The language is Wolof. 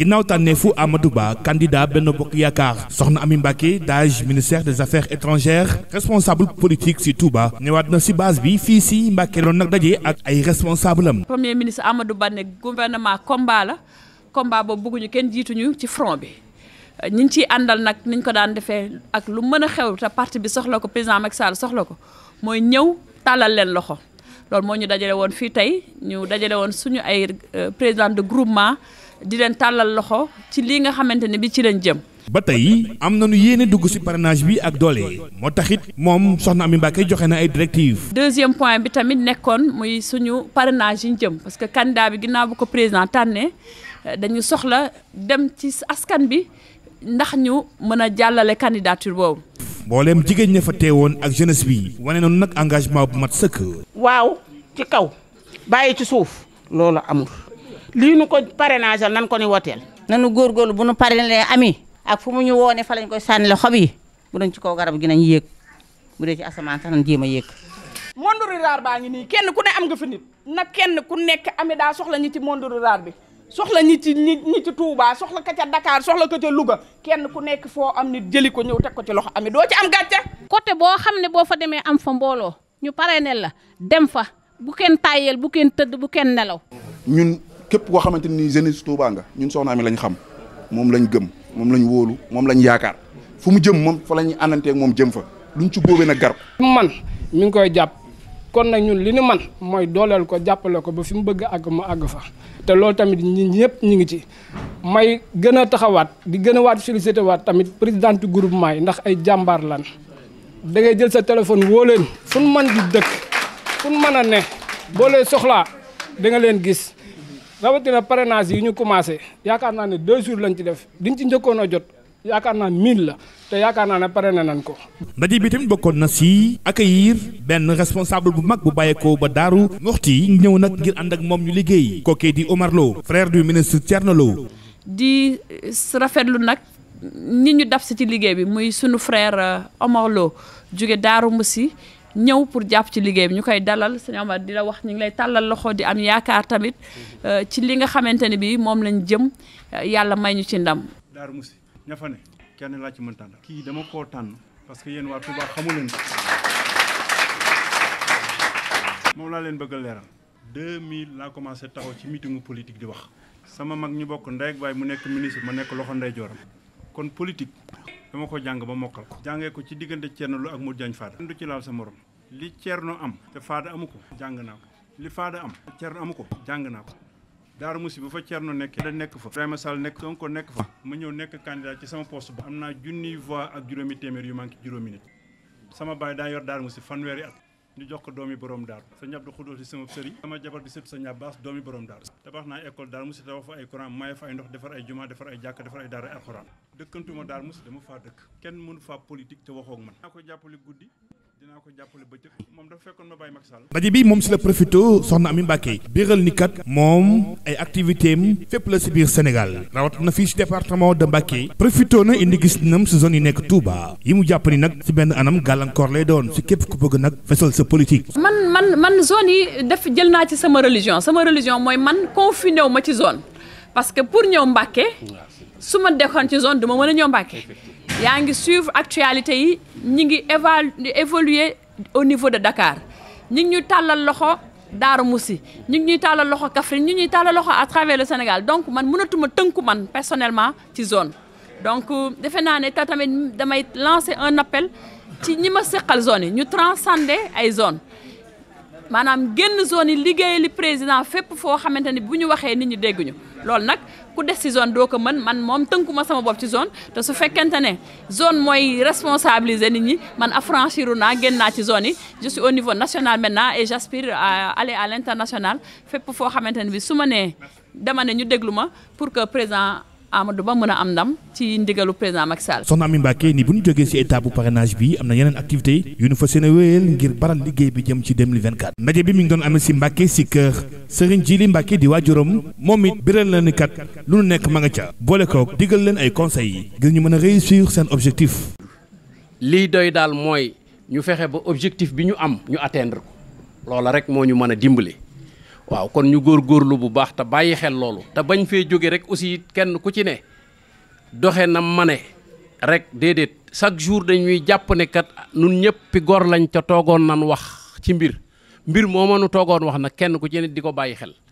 ginnaaw tànneefu Amadou Ba candidat Benno Bokk Yaakaar soxna Ami Mbacké dage ministère des affaires étrangères responsable politique ci Touba ñëwaat na ci base bi fii ci Mbacké loon nag dajee ak ay responsable am premier ministre Amadou Ba ne gouvernement combat la combat boobu bëgguñu kenn jiituñu ci front bi ñi ci ciy àndal nag niñ ko daan defee ak lu mën a xew te parti bi soxla ko président Macky Sall soxla ko mooy ñëw tàllal leen loxo loolu moo ñu dajale woon fii tey ñu dajale woon suñu ay euh, président de groupement di leen tàllal loxo ci lii nga xamante ne bi ci leen jëm. ba tey am na nañu yéene dugg ci parrainage bi ak doole moo taxit moom soxna Amy Mbacké joxe na ay directives. deuxième point bi tamit nekkoon muy suñu parrainage yi ñu jëm parce que candidat bi ginnaaw bu ko président tànnee euh, dañu soxla dem ci askan bi ndax ñu mën a jàllale candidature boobu. mbooleem jigéen ña fa teewoon ak jeunesse bi wane noonu nag engagement bu mat sëkk. waaw ci kaw bàyyi ci suuf loolu amul. lii nu ko parrainage nan ko ni woteel. nanu góorgóorlu bu nu parrainé ami ak fu mu ñu woone fa lañ koy sànnile xob yi bu doon ci kaw garab gi nañ yéeg bu dee ci asamaan sax nañ jéem a yéeg. monde rural baa ngi nii kenn ku ne am nga fa nit. kenn ku nekk ami daa soxla ñi ci monde rural bi. soxla ñi ci ñi ñi ci Touba soxla ka ca Dakar soxla ka ca Louga kenn ku nekk foo am nit jëli ko ñëw teg ko ci loxo ami doo ci am gàcce. côté boo xam ne boo fa demee am fa mbooloo ñu paree parrainé la dem fa bu kenn tàyyeel bu kenn tëdd bu kenn nelaw. képp koo xamante ni jeunesse Touba nga ñun soxna Ami lañ xam moom lañ gëm moom lañ wóolu moom lañ yaakaar fu mu jëm moom fa la ñuy àndanteeg moom jëm fa luñ ci boobee nag gar. man mi ngi koy jàpp kon nag ñun li ni man mooy dooleel ko jàppale ko ba fi mu bëgg àgg mu àgg fa te loolu tamit ñi ñëpp ñu ngi ci may gën a taxawaat di gën a waat félicité waat tamit présidente groupement yi ndax ay jàmbaar lan da ngay jël sa téléphone woo leen man nu mën di dëkk fu nu mën a ne boo leen soxlaa da leen gis. rawatina parrainage yi ñu commencé yaakaar naa ne deux jours lañ ci def diñ ci njëkkoon a jot yaakaar naa miin la te yaakaar naa ne parrainé nañ ko. ndaje bi bokkoon na si yiir benn responsable bu mag bu bàyyeekoo ba daaru Muxti ñëw nag ngir ànd ak moom ñu liggéey kookee di Omar Lo frère du ministre Thierno Lo. di rafetlu nag nit ñu daf si ci liggéey bi muy sunu frère euh, Omar jóge daaru Moussi. ñew pour japp ci liggéey bi ñukay dalal sëñ Omar di la wax ñu ngi lay talal loxo di am yaakar tamit mhm. euh, ci li nga xamanteni bi mom lañ jëm euh, yalla may ñu ci ndam. dar Musi ña fa ne kenn la ci mën tan pas dama ko tan parce que yeen wa tuba xamu leen mom la leen bëgg leral 2000 la commencé taxo ci meeting politique di wax sama mag ñu bok ndey ak bay mu nekk ministre ma nekk loxo ndey kon politique ma ko jàng ba mokkal jàngee ko ci diggante Thierno Lo ak mu Diagne Fada du ci laal sa morom li Thierno am te faada amu ko jàng naa ko li faada am Thierno amu ko jàng naa ko Daaru Musi ba fa Thierno nekkee da nekk fa ma Sall nekk donc ko nekk fa ma ñëw nekk candidat ci sama poste ba am naa junniy voix ak juróomi téeméer yu manqué juróomi nit sama baay daa yor Daaru Musi fanweeri at ñu jox ko doomi borom daaru sëñ Abdou Xudóos di sama sëriñ sama jabar di sët sëñ Abbas doomi borom daaru tabax naa école daal musi tabax fa ay courant maye fa ay ndox defar ay juma defar ay jàkk defar ay daara ay alxuraan dëkkantuma daal musi dama faa dëkk kenn mënu faa politique te waxoog man naa ko jàppale guddi daje bi moom si la profité soxna Amy Mbacké biral ni kat moom ay activité am fépp la si biir Sénégal rawat na fii si département de Mbacké profité na indi gis nam si zone yi nekk Touba yi mu jàpp ni nag si benn anam gàllankoor lay doon si képp ku bëgg nag fesal sa politique man man man zone yi def jël naa ci sama religion sama religion mooy man confiné ma ci zone parce que pour ñëw Mbacké su ma dekkoon ci zone du ma mën a ñëw Mbacké yaa suivre actualité yi ñi ngi évoluer au niveau de Dakar ñi ngi ñu talal loxo daru Musi ñi ngi ñuy tàllal loxo Kaffrine ñi ñuy talal loxo à travers le Sénégal donc man mënatuma teunku man personnellement ci zone donc euh, defe naa ne te tamit damay lancer un appel ci ñi ma seqal zone ñu transcender ay zone manam génn zone yi liggéey li président fépp foo xamante ni bu ñu waxee nit ñi dégguñu loolu nak ku des ci zone doo ko mën man mom teunkuma sama bop ci zone te su fekkentene zone moy responsabiliser nit ñi man affranchiru naa génn ci zone yi je suis au niveau national maintenant et j'aspire à aller à l'international fépp fo xamantene bi suma ne dama ne ñu dégluma pour que présent. Amadou Ba mën a am ndam ci ndigalu président Macky Sall. soxna Amy Mbacké ni bu ñu jógee si état bu parrainage bi am na yeneen activité yu ñu fas yéene wéyal ngir baral liggéey bi jëm ci 2024. ndaje bi mi ngi doon amee si Mbacké si kër Serigne Djili Mbacké di waajuram moom it biral na ni kat lu nu nekk ma nga ca boole kook digal leen ay conseils yi ngir ñu mën a réussir seen objectif. lii doy daal mooy ñu fexe ba objectif bi ñu am ñu atteindre ko loola rek moo ñu mën a dimbali. waaw kon ñu góor góorlu bu baax te bàyyi xel loolu te bañ fee jóge rek aussi kenn ku ci ne doxe na mane rek déedéet chaque jour dañuy jàpp ne kat nun ñëppi gor lañ te toogoon nan wax ci mbir mbir moo mënu toogoon wax na kenn ku ci ne di ko bàyyi xel